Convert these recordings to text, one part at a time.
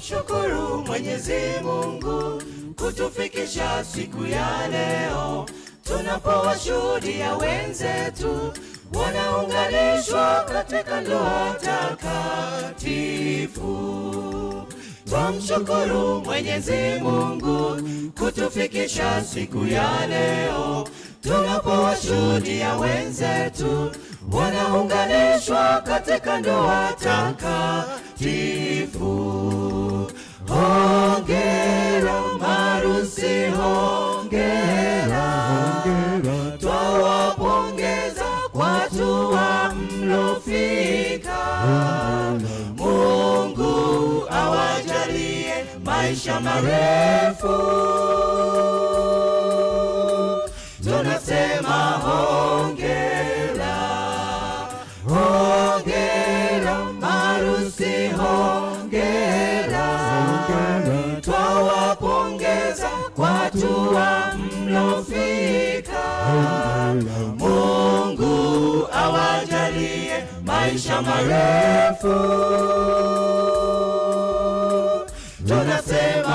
kumshukuru Mwenyezi Mungu kutufikisha siku ya leo tunapowashuhudia wenzetu wanaunganishwa katika ndoa takatifu. Tumshukuru Mwenyezi Mungu kutufikisha siku ya leo tunapowashuhudia wenzetu wanaunganishwa katika ndoa takatifu mtakatifu. Hongera marusi, hongera, twawapongeza watu wamlofika. Mungu awajalie maisha marefu, tunasema hongera. maisha marefu tunasema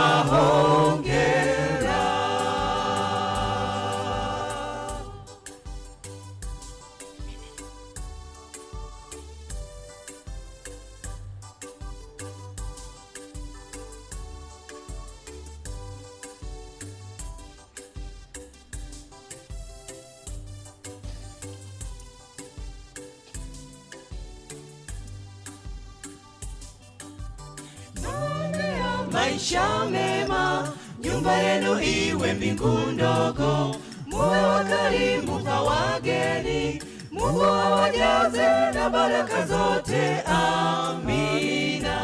maisha mema, nyumba yenu iwe mbingu ndogo, muwe wakarimu kwa wageni, Mungu awajaze na baraka zote. Amina.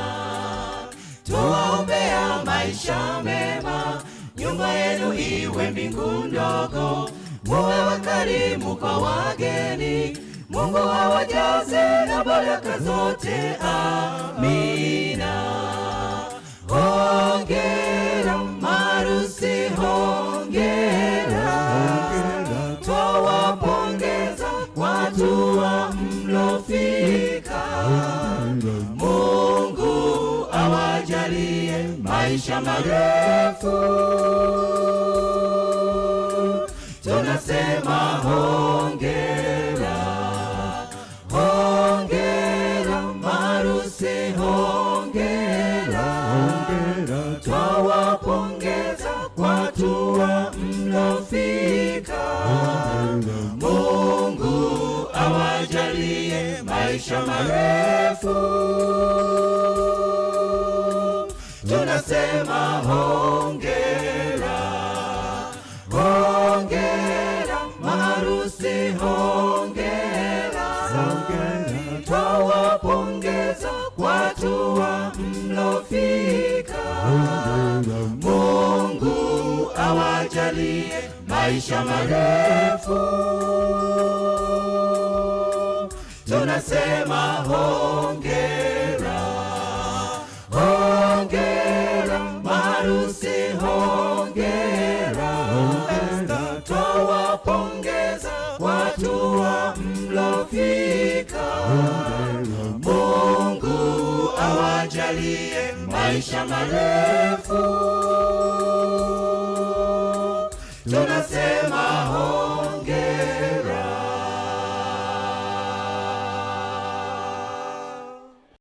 Tuwaombea maisha mema, nyumba yenu iwe mbingu ndogo, muwe wakarimu kwa wageni, Mungu awajaze na baraka zote. Amina. hatua mlofika. Mungu awajalie maisha marefu. mrefu tunasema hongera, hongera maharusi, hongera, Twawapongeza watu wa mlofika, Mungu awajalie maisha marefu tunasema hongera, hongera marusi, hongera, hongera. watu wa mlofika, Mungu awajalie maisha marefu.